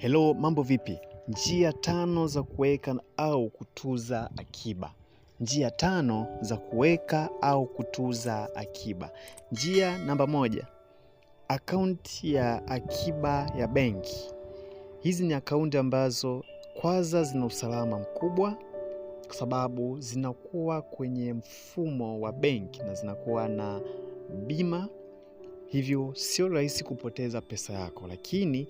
Hello, mambo vipi? Njia tano za kuweka au kutuza akiba. Njia tano za kuweka au kutuza akiba. Njia namba moja, akaunti ya akiba ya benki. Hizi ni akaunti ambazo kwanza zina usalama mkubwa kwa sababu zinakuwa kwenye mfumo wa benki na zinakuwa na bima, hivyo sio rahisi kupoteza pesa yako, lakini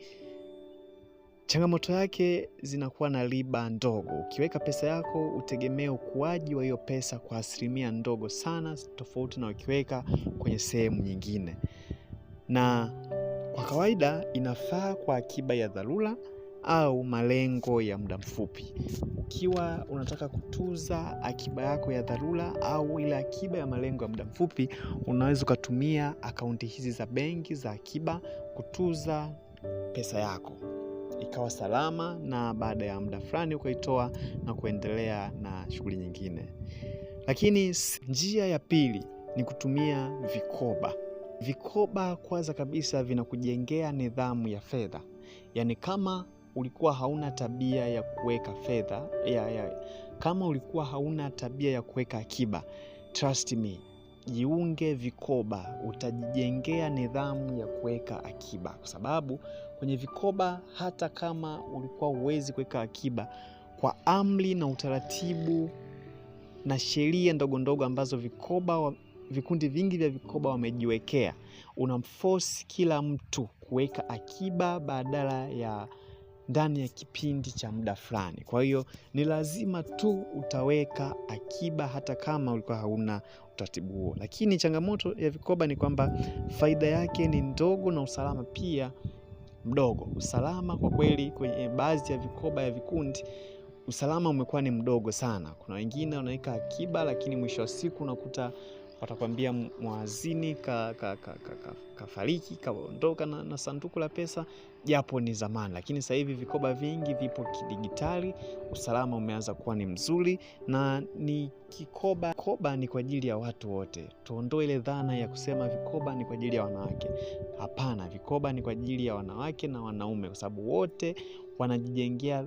Changamoto yake zinakuwa na riba ndogo. Ukiweka pesa yako utegemea ukuaji wa hiyo pesa kwa asilimia ndogo sana, tofauti na ukiweka kwenye sehemu nyingine. Na kwa kawaida inafaa kwa akiba ya dharura au malengo ya muda mfupi. Ukiwa unataka kutuza akiba yako ya dharura au ile akiba ya malengo ya muda mfupi, unaweza ukatumia akaunti hizi za benki za akiba kutuza pesa yako ikawa salama, na baada ya muda fulani ukaitoa na kuendelea na shughuli nyingine. Lakini njia ya pili ni kutumia vikoba. Vikoba kwanza kabisa vinakujengea nidhamu ya fedha, yaani kama ulikuwa hauna tabia ya kuweka fedha ya, ya, kama ulikuwa hauna tabia ya kuweka akiba, trust me, jiunge vikoba, utajijengea nidhamu ya kuweka akiba, kwa sababu kwenye vikoba, hata kama ulikuwa huwezi kuweka akiba, kwa amri na utaratibu na sheria ndogo ndogo ambazo vikoba wa, vikundi vingi vya vikoba wamejiwekea, unamforce kila mtu kuweka akiba badala ya ndani ya kipindi cha muda fulani. Kwa hiyo ni lazima tu utaweka akiba hata kama ulikuwa hauna utaratibu huo. Lakini changamoto ya vikoba ni kwamba faida yake ni ndogo na usalama pia mdogo. Usalama kwa kweli kwenye baadhi ya vikoba ya vikundi, usalama umekuwa ni mdogo sana. Kuna wengine wanaweka akiba, lakini mwisho wa siku unakuta watakwambia mwazini kafariki ka, ka, ka, ka, kaondoka na, na sanduku la pesa, japo ni zamani, lakini sasa hivi vikoba vingi vipo kidigitali. Usalama umeanza kuwa ni mzuri, na ni kikoba koba ni kwa ajili ya watu wote. Tuondoe ile dhana ya kusema vikoba ni kwa ajili ya wanawake. Hapana, vikoba ni kwa ajili ya wanawake na wanaume, kwa sababu wote wanajijengea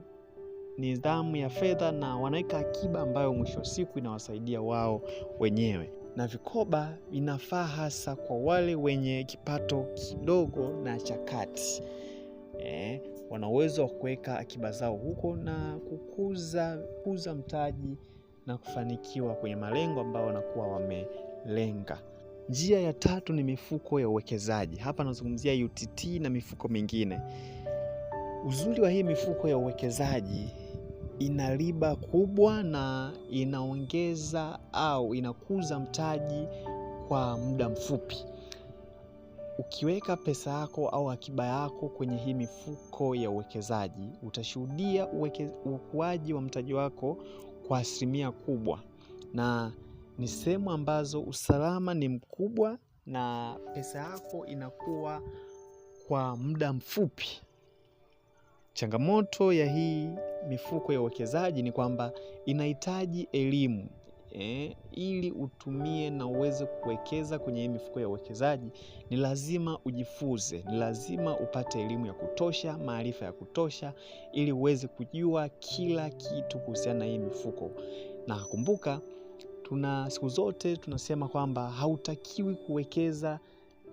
nidhamu ya fedha na wanaweka akiba ambayo mwisho wa siku inawasaidia wao wenyewe na vikoba vinafaa hasa kwa wale wenye kipato kidogo na cha kati eh, wana uwezo wa kuweka akiba zao huko na kukuza kuza mtaji na kufanikiwa kwenye malengo ambayo wanakuwa wamelenga. Njia ya tatu ni mifuko ya uwekezaji. Hapa nazungumzia UTT na mifuko mingine. Uzuri wa hii mifuko ya uwekezaji ina riba kubwa na inaongeza au inakuza mtaji kwa muda mfupi. Ukiweka pesa yako au akiba yako kwenye hii mifuko ya uwekezaji, utashuhudia ukuaji wa mtaji wako kwa asilimia kubwa, na ni sehemu ambazo usalama ni mkubwa na pesa yako inakuwa kwa muda mfupi. Changamoto ya hii mifuko ya uwekezaji ni kwamba inahitaji elimu eh, ili utumie na uweze kuwekeza kwenye mifuko ya uwekezaji ni lazima ujifunze, ni lazima upate elimu ya kutosha, maarifa ya kutosha, ili uweze kujua kila kitu kuhusiana na hii mifuko. Na kumbuka, tuna siku zote tunasema kwamba hautakiwi kuwekeza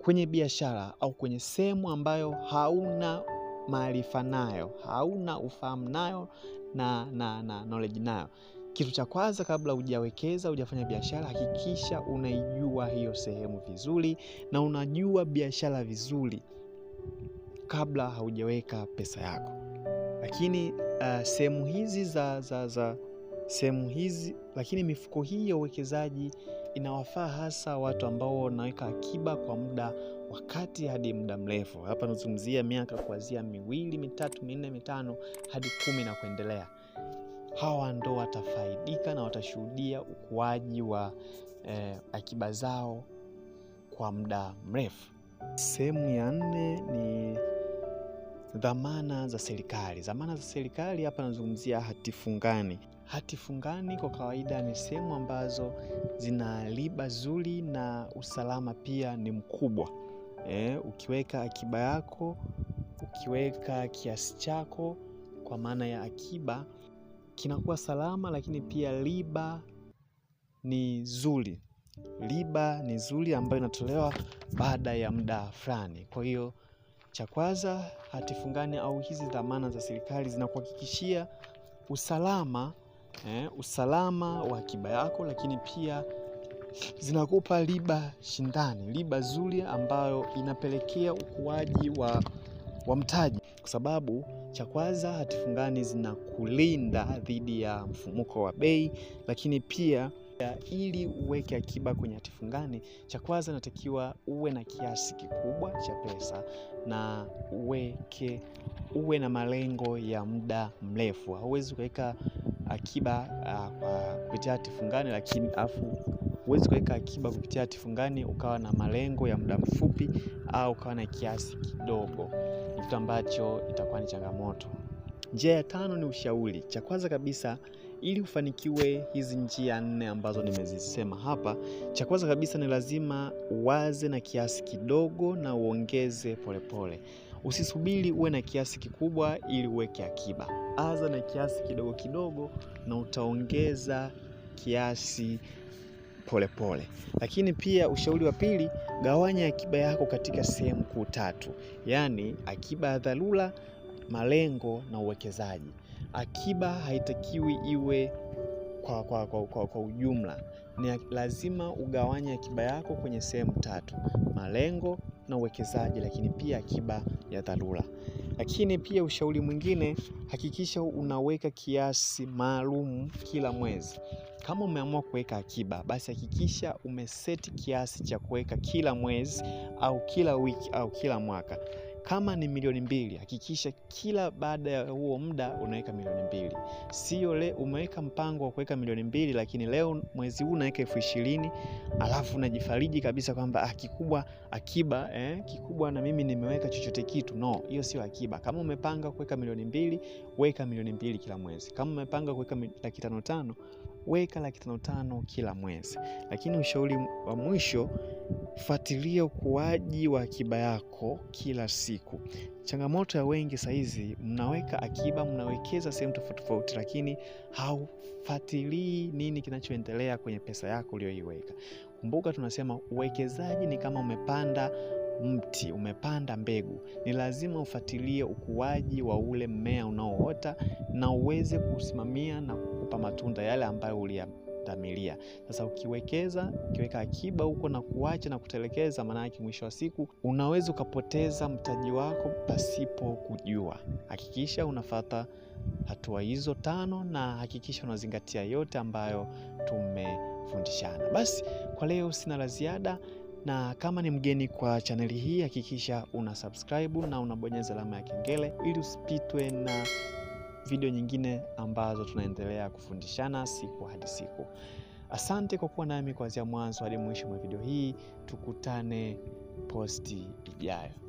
kwenye biashara au kwenye sehemu ambayo hauna maarifa nayo, hauna ufahamu nayo na, na, na knowledge nayo. Kitu cha kwanza kabla hujawekeza hujafanya biashara, hakikisha unaijua hiyo sehemu vizuri na unajua biashara vizuri kabla haujaweka pesa yako. Lakini uh, sehemu hizi za, za, za sehemu hizi lakini mifuko hii ya uwekezaji inawafaa hasa watu ambao wanaweka akiba kwa muda wakati hadi muda mrefu hapa nazungumzia miaka kuanzia miwili mitatu minne mitano hadi kumi na kuendelea hawa ndo watafaidika na watashuhudia ukuaji wa eh, akiba zao kwa muda mrefu sehemu ya nne ni dhamana za serikali dhamana za serikali hapa nazungumzia hati fungani hati fungani kwa kawaida ni sehemu ambazo zina riba zuri na usalama pia ni mkubwa eh, ukiweka akiba yako, ukiweka kiasi chako kwa maana ya akiba kinakuwa salama, lakini pia riba ni zuri. Riba ni zuri ambayo inatolewa baada ya muda fulani. Kwa hiyo cha kwanza, hatifungani au hizi dhamana za serikali zinakuhakikishia usalama eh, usalama wa akiba yako, lakini pia zinakupa riba shindani, riba zuri ambayo inapelekea ukuaji wa, wa mtaji, kwa sababu cha kwanza hatifungani zinakulinda dhidi ya mfumuko wa bei, lakini pia ili uweke akiba kwenye hatifungani, cha kwanza natakiwa uwe na kiasi kikubwa cha pesa na uweke uwe na malengo ya muda mrefu. Hauwezi ukaweka akiba uh, kwa kupitia hatifungani lakini afu Huwezi kuweka akiba kupitia hati fungani ukawa na malengo ya muda mfupi au ukawa na kiasi kidogo. Ni kitu ambacho itakuwa ni changamoto. Njia ya tano ni ushauri. Cha kwanza kabisa ili ufanikiwe hizi njia nne ambazo nimezisema hapa, cha kwanza kabisa ni lazima uwaze na kiasi kidogo na uongeze polepole. Usisubiri uwe na kiasi kikubwa ili uweke akiba. aza na kiasi kidogo kidogo na utaongeza kiasi polepole. Lakini pia ushauri wa pili, gawanya akiba yako katika sehemu kuu tatu, yaani akiba ya dharura, malengo na uwekezaji. Akiba haitakiwi iwe kwa, kwa, kwa, kwa, kwa ujumla. Ni lazima ugawanye akiba yako kwenye sehemu tatu: malengo na uwekezaji, lakini pia akiba ya dharura. Lakini pia ushauri mwingine, hakikisha unaweka kiasi maalum kila mwezi. Kama umeamua kuweka akiba, basi hakikisha umeseti kiasi cha kuweka kila mwezi au kila wiki au kila mwaka. Kama ni milioni mbili, hakikisha kila baada ya huo muda unaweka milioni mbili. Sio le umeweka mpango wa kuweka milioni mbili, lakini leo mwezi huu unaweka elfu ishirini alafu unajifariji kabisa kwamba ah, kikubwa akiba eh, kikubwa na mimi nimeweka chochote kitu. No, hiyo sio akiba. Kama umepanga kuweka milioni mbili, weka milioni mbili kila mwezi. Kama umepanga kuweka laki tano tano, weka laki tano tano kila mwezi. Lakini ushauri wa mwisho, fuatilia ukuaji wa akiba yako kila siku. Changamoto ya wengi sahizi, mnaweka akiba, mnawekeza sehemu tofauti tofauti, lakini haufuatilii nini kinachoendelea kwenye pesa yako uliyoiweka. Kumbuka tunasema uwekezaji ni kama umepanda mti, umepanda mbegu, ni lazima ufatilie ukuaji wa ule mmea unaoota na uweze kusimamia na kukupa matunda yale ambayo uliyadhamiria. Sasa ukiwekeza, ukiweka akiba huko na kuacha na kutelekeza, maana yake mwisho wa siku unaweza ukapoteza mtaji wako pasipo kujua. Hakikisha unafata hatua hizo tano na hakikisha unazingatia yote ambayo tumefundishana. Basi kwa leo sina la ziada na kama ni mgeni kwa chaneli hii hakikisha una subscribe na unabonyeza alama ya kengele ili usipitwe na video nyingine ambazo tunaendelea kufundishana siku hadi siku. Asante kwa kuwa nami kuanzia mwanzo hadi mwisho mwa video hii. Tukutane posti ijayo.